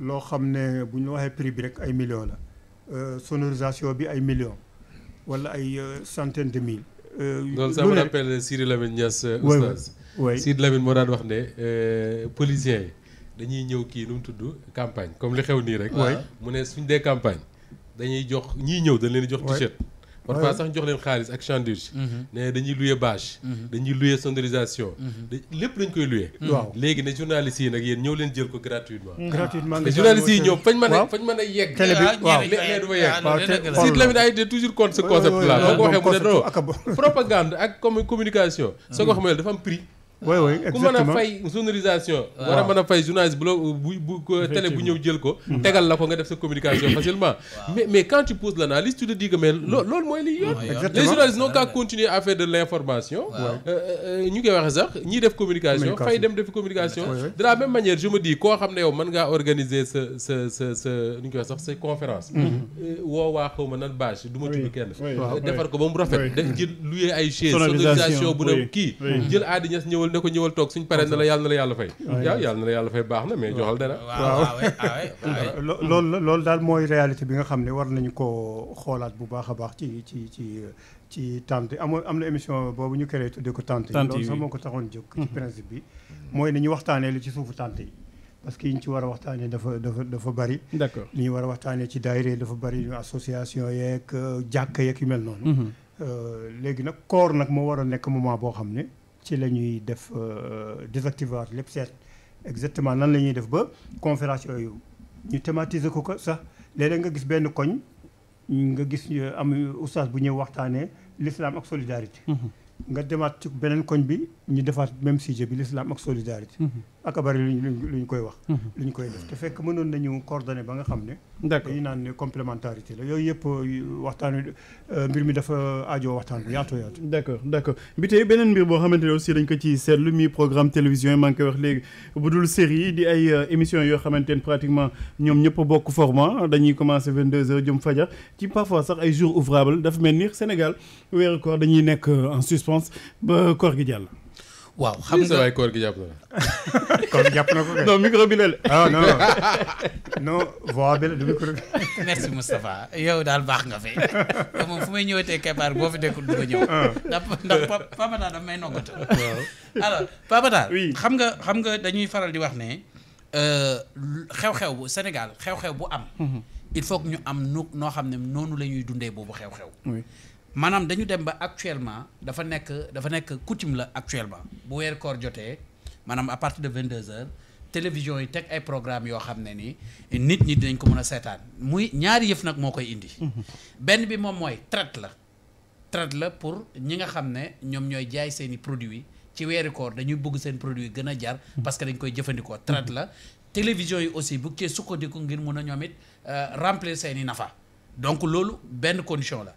loo xam ne bu ñu waxee prix bi rek ay millions la euh, sonorisation bi ay millions wala ay euh, centaine de mille. Euh, loolu ça me rappelle Sidi Lamine Niass. oustaz oui Sidi Lamine moo daan wax ne policiers yi dañuy ñëw kii nu mu tudd campagne comme li xew nii rek. mu ne suñ dee campagne dañuy jox ñiy ñëw dañ leen di jox t parfois sax jox leen xaalis ak chanduge mhm. ne dañuy loué bâche mhm. dañuy loué sonorisation mhm. lépp lañ koy loué waaw léegi ne journalistes yi nag yéen ñëw leen jël ko gratuitement gratuitement te journalistes yi ñoom fañ mën a fañ mën a yegg télé bi ah, waaw mais toujours contre ce concept là boo ko waxee mu ne non propagande ak communication soo ko xamee dafa am prix oui oui exactement ah, ku mën a fay sonorisation. waaw war a fay journaliste bu la bu bu bu ñëw jël ko. tegal la ko nga def sa communication facilement. mais mais quand tu poses l'analyse tu te dis que mais loo hmm. loolu mooy liy yoon. les journalistes n'ont qu'à continuer à faire de l'information. Euh, euh, euh, ñu koy waxee sax ñiy def communication. fay dem def communication. de la même manière je me dis koo xam ne yow mën ngaa organiser sa sa sa sa nu sa conférence. Mm-hmm. woo waa xaw ma nan bâche du ma tudd ba mu rafet. def jël ñëwal ne ko ñëwal toog suñ paree na la yàlla na la fay ah, yàlla na la yàlla fay baax na mais joxal dara waaw loolu daal mooy réalité bi nga xam ne war nañu ko xoolaat bu baax a baax ci ci ci ci tante amoon am na émission boobu ñu créé de ko tante yi loolu sax moo ko taxoon jóg ci mhm. principe bi mooy nañu waxtaanee li ci suufu tante yi parce que yi ñu ci war a waxtaanee dafa dafa bari li ñu war a waxtaanee ci daayira dafa bari association yeeg euh, jàkk yeeg yu mel noonu mhm. euh, léegi nag koor nag moo a nekk boo xam ne ci la ñuy def euh, désactiver lépp seet exactement nan la ñuy def ba conférence yooyu ñu thématiser ko ko sax léeg nga gis benn koñ nga gis euh, am oustaz bu ñëw waxtaanee l'islam ak solidarité. Mm-hmm. nga demaat ci beneen koñ bi ñu defaat même sujet bi l'islam ak solidarité. Mm-hmm. ak bari lu ñu koy wax. Mhm. lu ñu koy def te fekk mënoon nañu coordonné ba nga xam ne. d'accord dañu naan ne complémentarité la yooyu yëpp euh, waxtaan euh, mbir mi dafa euh, aajo waxtaan bu yaatu yaatu. d'accord d'accord bi tey beneen mbir boo xamante ne aussi dañ ko ci seetlu mi programme télévision maa ngi koy wax léegi bu dul série di ay émissions yoo xamante ne pratiquement ñoom ñëpp bokk format dañuy commencer 22h jëm fajar ci parfois sax ay jours ouvrable dafa mel ni Sénégal weeru koor dañuy nekk en suspens ba koor gi jàll. waaw xam nga waay koor gi jàpp kon jàpp na bi la de. ah yow daal baax nga fi yow moom fu may ñëwatee boo fi dekkul du ma ñëw. Ah. may noggatu. waaw alors xam nga xam nga dañuy faral di wax ne euh, xew-xew bu Sénégal xew-xew bu am. Mhm. il faut ñu am nu noo xam ne noonu la ñuy dundee boobu xew-xew. maanaam dañu dem ba actuellement dafa nekk dafa nekk coutume la actuellement bu weer koor jotee maanaam à partir de 22 heures télévision yi teg ay programme yoo xam ne nii nit ñi dinañ ko mën a seetaan muy ñaari yëf nag moo koy indi. benn bi moom mooy traite la. trade la pour ñi nga xam ne ñoom ñooy jaay seen i produits ci weeri koor dañuy bëgg seen produit gën a jar. parce que dañ koy jëfandikoo traite la. télévision yi aussi bu cee sukkandiku ngir mun a ñoom it euh, remplir seen i nafa. donc loolu benn condition la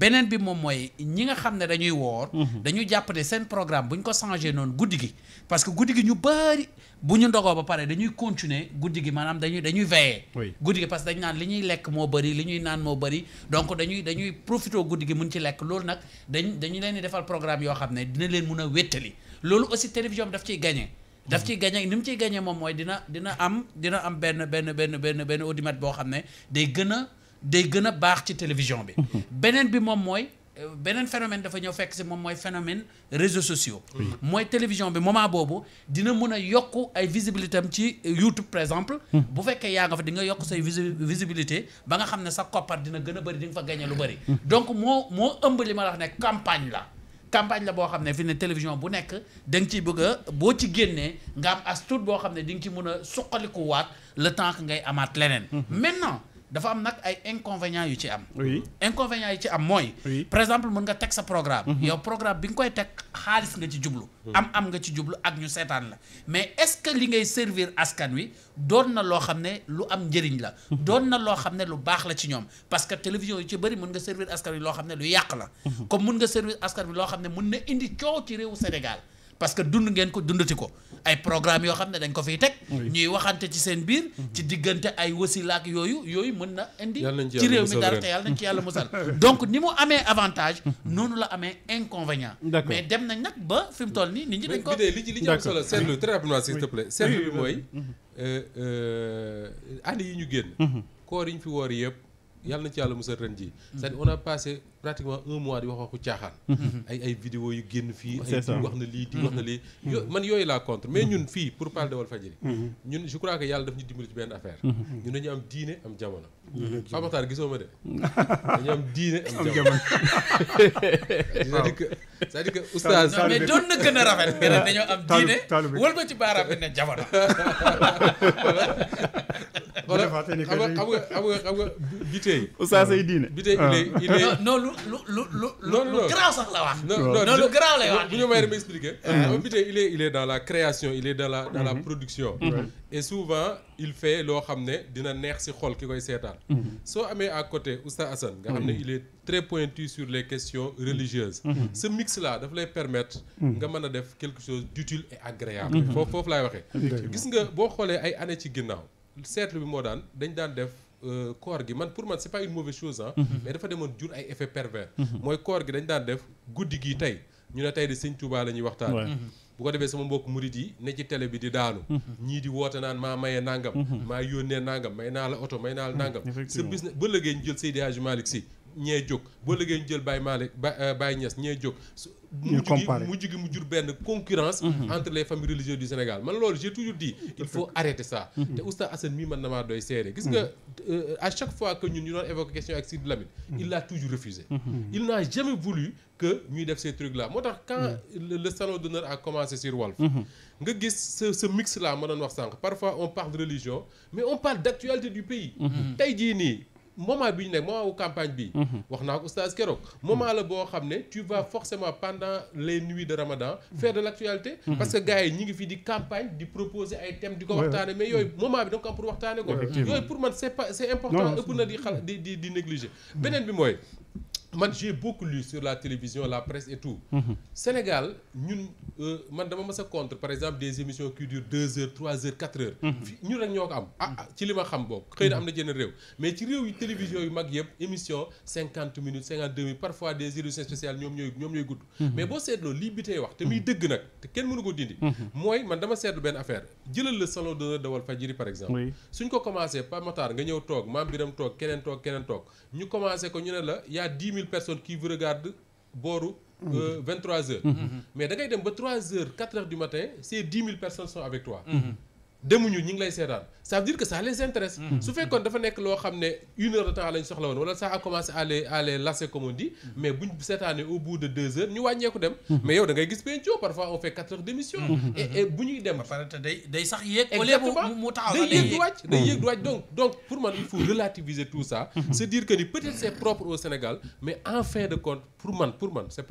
beneen bi moom mooy ñi nga xam ne dañuy woor mhm. dañu jàpp ne seen programme bu ñu ko changé noonu guddi gi parce que guddi gi ñu bari bu ñu ndogoo ba pare dañuy continuer guddi gi maanaam dañuy dañuy veillé guddi gi parce que dañu naan li ñuy lekk moo bëri li ñuy naan moo bëri donc dañuy dañuy profité guddi gi mun ci lekk loolu nag dañ dañu leen di defal programme yoo xam ne dina leen mun a wéttali loolu aussi télévision bi daf ciy gagné daf ciy gagné ni mu ciy gagné moom mooy dina dina am dina am benn benn benn benn benn audimat boo xam ne day gën a day gën a baax ci télévision bi mhm. beneen bi moom mooy euh, beneen phénomène dafa ñëw fekk si moom mooy phénomène réseau sociaux mooy télévision bi moment boobu dina mun a yokk ay visibilité am ci euh, YouTube par exemple mhm. bu fekkee yaa nga fa di nga yokk say visibilité ba nga xam ne sa koppar dina gën a bëri di nga fa gagné lu bëri mhm. donc moo moo ëmb li ma la wax ne campagne la campagne la boo xam ne fi ne télévision bu nekk danga nga ciy bëgg a boo ci génnee nga am as boo xam ne di nga ci mun a suqalikuwaat le temps ngay amaat leneen maintenant dafa am nag ay inconvénients yu ci am. oui inconvénients yu ci am mooy. par exemple mën nga teg sa programme. Mhm. yow programme bi nga koy teg xaalis nga ci jublu. Mhm. am am nga ci jublu ak ñu seetaan la mais est-ce que li ngay servir askan wi doon na loo xam ne lu am njëriñ la. Mhm. doon na loo xam ne lu baax la ci ñoom parce que télévision yu ci bëri mën nga servir askan wi loo xam ne lu yàq la. comme mun nga servir askan wi loo xam ne mën na indi coow ci réewu Sénégal. parce que dund ngeen ko dundati ko ay programme yoo xam ne dañ ko fiy teg ñuy waxante ci seen biir ci diggante ay wasilaak yooyu yooyu mën na indi ci réew mi dara te yàlla nañ ci yàlla musal donc ni mu amee avantage noonu la amee inconvénient mais dem nañ nag ba fi mu toll nii nit ñi dañ ko solo seetlu trait rapidement s'il te plaît seetlu bi mooy euh, euh, année yi ñu génn mhm. koor yi ñu fi woor yëpp yàlla na ci yàlla musal ren jii mm-hmm. c'est-à-dire on a passé pratiquement un mois di wax waxu caaxaan mm-hmm. ay ay yu génn fii ay di wax na lii di wax na lii mm-hmm. yooyu laa contre mais ñun fii pour parler de Walfadjri ñun je crois que yàlla daf ñu dimbali ci benn affaire ñun dañu am diine am jamono Famatar gisoo ma de dañu am diine am jamono c'est-à-dire que cest mais doon na gën a rafet mais dañoo am diine wal ma ci baaraam bi ne wala xam nga xam nga xam nga bitey. oustaz say diine. bitey il ah. est lu lu lu lu. lu garaaw sax la wax. non non lu garaaw lay wax. bu ñu may rek ma expliquer. Ah. xam bitey il est dans la création il est dans la mhm. production. et souvent il fait loo xam ne dina neex si xol ki koy seetaan. Mhm. soo amee à côté oustaz Assane. nga xam ne mhm. il est point pointu sur les questions religieuses. ce mix là daf lay permettre. nga mën a def quelque chose d'utile et agréable. foofu foofu laay waxee. gis nga boo xoolee ay années ci ginnaaw. seetlu bi moo daan dañu daan def euh, koor gi man pour man si pas une mauvaise chose ah mais dafa demoon jur ay effet pervers mm-hmm. mooy koor gi dañu daan def guddi gi tey ñu ne tey di sëñ Touba la ñuy waxtaan mm-hmm. bu ko defee sama mbokk murid yi ne ci télé bi di daanu ñii di woote naan maa maye nangam maa yónnee nangam may naa la oto may naa la nangam sa business ba lëggee ñu jël Seydi Hadji Malick Sy ñee jóg ba lëggee ñu jël Baye Malick euh, Baye Niass ñee jóg ñu comparer mujj gi mu jur benn concurrence mhm. entre les familles religieuses du Sénégal man loolu j'ai toujours dit il faut arrêter ça mhm. te Oustaz Assane mii man na maa doy seere gis nga euh, à chaque fois que ñun ñu doon évoquer question ak mhm. il l'a toujours refusé il n'a jamais voulu que ñuy def ces trucs là moo tax quand le salon d'honneur a commencé sur Walf nga gis ce ce mix là ma doon wax sànq parfois on parle religion mais on parle d'actualité du pays tey jii nii moment bi ñu nekk moment wu campagne bi mhm. wax naa ko oustaz keroog moment mhm. la boo xam ne tu vas forcément pendant les nuits de ramadan mhm. faire de l' parce que gars yi ñi ngi fi di campagne di proposer ay thèmes di ko waxtaane mais yooyu moment bi da nga ko am pour waxtaane ko yooyu pour man c' pas c' important ëpp na di xal di di di beneen bi mooy man j'ai beaucoup lu sur la télévision la presse et tout. Mhm. Sénégal ñun euh, man dama mës a contre par exemple des émissions qui deux heures trois heures quatre heures. Mhm. fii rek ñoo ko am. Ah, ah ci li ma xam boobu. xëy na am na jënd réew. mais ci réew yu télévision yu mag yëpp émission cinquante minutes cinquante deux minutes parfois des éditions spéciales ñoom ñooy ñoom ñooy gudd. Mhm. mais boo seetloo lii bi wax te muy dëgg nag te kenn mënu ko dindi. mooy man a mille personnes qui vous mmh. euh, vingt trois heures. Mmh. mais da ngay dem ba trois heures quatre heures du matin ces dix mille personnes sont avec toi. Mmh. demuñu ñu ngi lay seetaan ça veut dire que ça les intéresse mm-hmm. su fekkoon dafa nekk loo xam ne une heure de soxla woon wala ça a commencé à les à les lasser comme on mm-hmm. seetaanee au bout de deux heures ñu wàññeeku dem mm-hmm. mais yow da gis penco parfois on fait quatre heures d' bu ñuy dem day day sax yéeg exactement mu taxaw day yéeg du wàcc donc donc pour man il faut relativiser tout ça se dire que ni peut être c' est propre au Sénégal mais en pour man pour man c'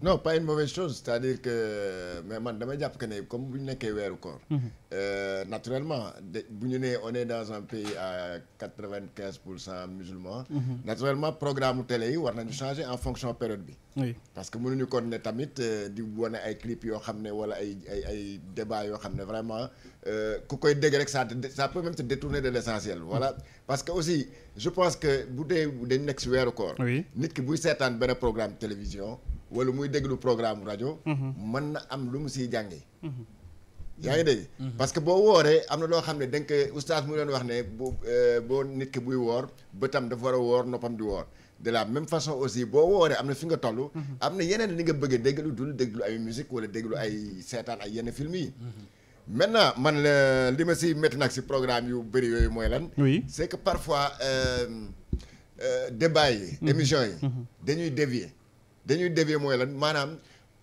non pas une mauvaise chose c'est-à-dire que mais man damay jàpp que ne comme bu ñu nekkee weeru koor. Mhm. Euh, naturellement de bu ñu nee on est dans un pays à quatre-vingt-quinze pour cent musulmans. Mhm. naturellement programme télé yi war nañu changer en fonction période bi. parce que mënuñu kon ne tamit euh, di wane ay clip yoo xam ne wala ay ay ay débat yoo xam ne vraiment euh, ku koy dégg rek ça ça peut même se détourner de l'essentiel. voilà parce que aussi je pense que bu dee dañ nekk si weeru koor. nit ki buy seetaan benn programme télévision. wala muy déglu programme rajo. Mhm. mën na am lu mu si siy jàngee. Mhm. yaa ngi de mhm. parce que boo wooree am na loo xam ne da nga koy oustaz mu doon wax ne bu euh, boo nit ki buy woor bëtam dafa war a woor noppam di woor de la même façon aussi boo wooree am na fi nga toll. am na yeneen li nga bëgg dégg déglu dul déglu ay musique wala déglu ay seetaan ay yenn film yi. maintenant man li ma si métti nag si programme yu bëri yooyu mooy lan. oui c'est que parfois euh, euh, débat yi. émission yi. dañuy dévier mooy lan maanaam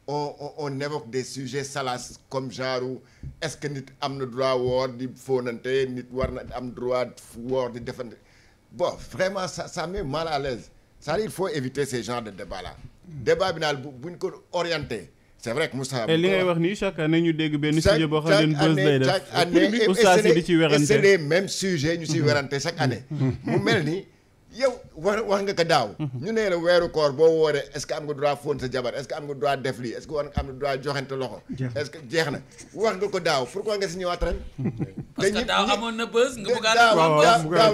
on on on évoque des sujets salaces comme genre est-ce que nit am na droit woor di fóonante nit war na am droit woor di defante bon vraiment ça ça met mal à l'aise c'est-à-dire il faut éviter ce genre de débat là débat bi naal bu buñ ko orienté c'est vrai que Moussa. li ngay wax nii chaque année ñu dégg benn sujet boo xam ne buzz lay def chaque année les mêmes sujets ñu siy werante chaque année mm-hmm. mu mel ni. yow wax wax nga ko daaw. ñu nee la weeru koor boo wooree est-ce que am nga droit fóon sa jabar est am nga droit def lii est-ce que war nga am droit joxante loxo. que jeex na wax nga ko daaw pourquoi nga si ñëwaat ren. parce que daaw amoon na bës nga bëgg a. daaw daaw daaw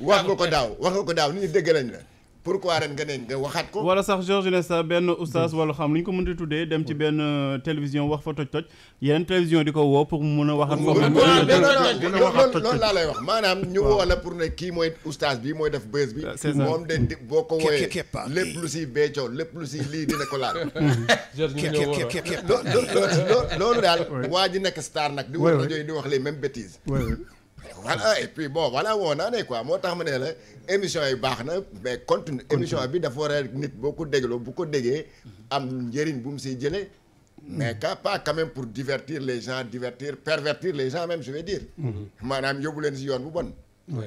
wax nga ko daaw wax nga ko daaw nit ñi dégg lañ la. pourquoi ren nga neen nga waxaat ko. wala sax Georges Nesta benn oustaz wala xam lu ñu ko mën a tuddee dem ci benn euh, télévision wax fa toj-toj yeneen télévision di ko woo pour mu mun a waxaat. lay wax maanaam ñu woo pour ne kii mooy oustaz bi mooy def bës bi. Euh, c'est ça moom de boo ko wooyee lépp lu si beccoo lépp lu si lii dina ko laal. loolu daal. waa ji nekk star nag. di wax rajo yi di wax les mêmes bêtises. voilà et bon voilà woo naa ne quoi moo tax ma ne la émission yi baax na mais continue émission bi dafa war a nit boo ko dégloo bu ko déggee am njëriñ bu mu siy jële mm-hmm. mais ka pas quand pour divertir les genres divertir pervertir les gens même mm-hmm. maanaam yóbbu leen si yoon bu bon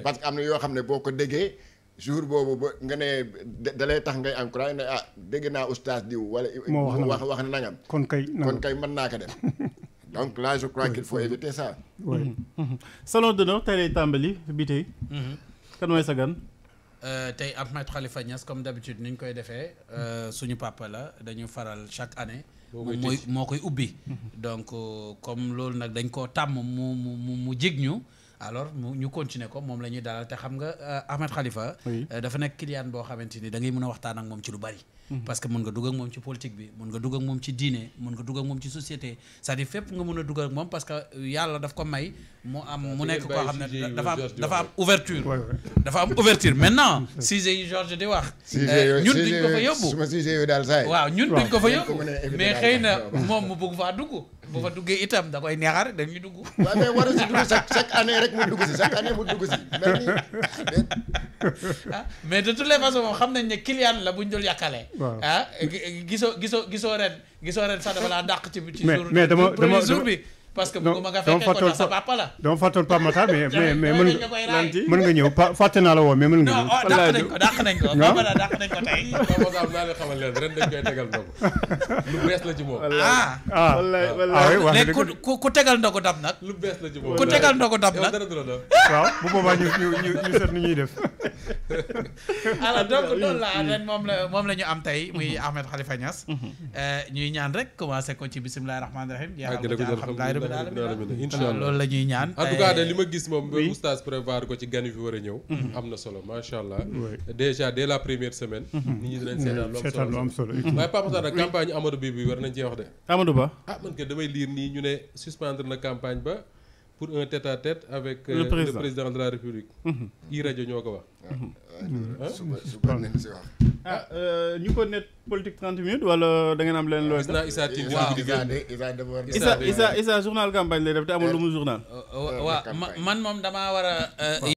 parce que am na yoo xam ne boo ko déggee jour boobu ba nga ne da tax ngay encouragé ne ah dégg naa oustaz diw wala wax wax na nangam kon kay kon kay mën naa ko def donc là je crois qu'il faut éviter ça. Mhm. Mhm. salon d'honneur tey lay tàmbali bi tey. Mhm. kan mooy sa gan. Euh, tey Ahmed Khalifa Niass comme d'habitude ni ñu koy defee euh, suñu papa la dañu faral chaque année. mooy moo koy ubbi. donc euh, comme loolu nag dañ koo tàmm mu mu mu jig ñu. alors ñu continuer ko moom la ñuy dalal te xam nga euh, Ahmed Khalifa. Euh, dafa nekk client boo xamante ni da ngay mën a waxtaan ak moom ci lu bari. Mhm. parce que mën nga dugg ak moom ci politique bi mën nga dugg ak moom ci diine mën nga dugg ak moom ci société c'est-à-dire nga mën a dugg ak moom parce que euh, yàlla daf ko may mu am mu nekk koo xam ne dafa am dafa am ouverture dafa am ouverture maintenant sujet yi Georges di wax ñun duñ ko fa yóbbu waaw ñun duñ ko fa yóbbu mais xëy na moom mu bu fa duggee itam da koy neexal dañuy dugg. waaw mais war a si dugg chaque chaque année rek mu dugg si chaque année mu dugg si mel ah, mais de toutes les façons moom xam nañ ne client la bu ñu dul yàkkalee. waaw ah gisoo gisoo gisoo ren gisoo ren sax dafa laa dàq ci. ci jour bi mais dama dama parce que bëgguma nga fekkee ko sa papa la. dama nga oh, ko dàq nag. waaw bu boobaa ñu ñu ñu seet def. alors donc loolu la ren moom la moom la ñu am tey muy mhm. Ahmed Khalifa Niass. Mhm. Euh, ñuy ñaan rek commencé ko ci bisimilah rahmaani rahiim. Ah, jeexal euh, a mhm. am na solo macha allah. déjà dès la première semaine. nit ñi dinañ seetaan lu am solo waaye Pape campagne Amadou Bi bi war nañ cee wax de. Amadou Ba ah man kay damay liir nii ñu ne suspendre na campagne ba. pour un tête a tête avec. le euh, président le président de la république. Mm-hmm. Mm-hmm. i rajo ñoo ko wax. ah, ah euh, ñu ko net politique 30 wala da am leneen looy. gis Issa Issa Issa journal campagne lay def te amul lu mu journal. waaw euh, man moom damaa war a.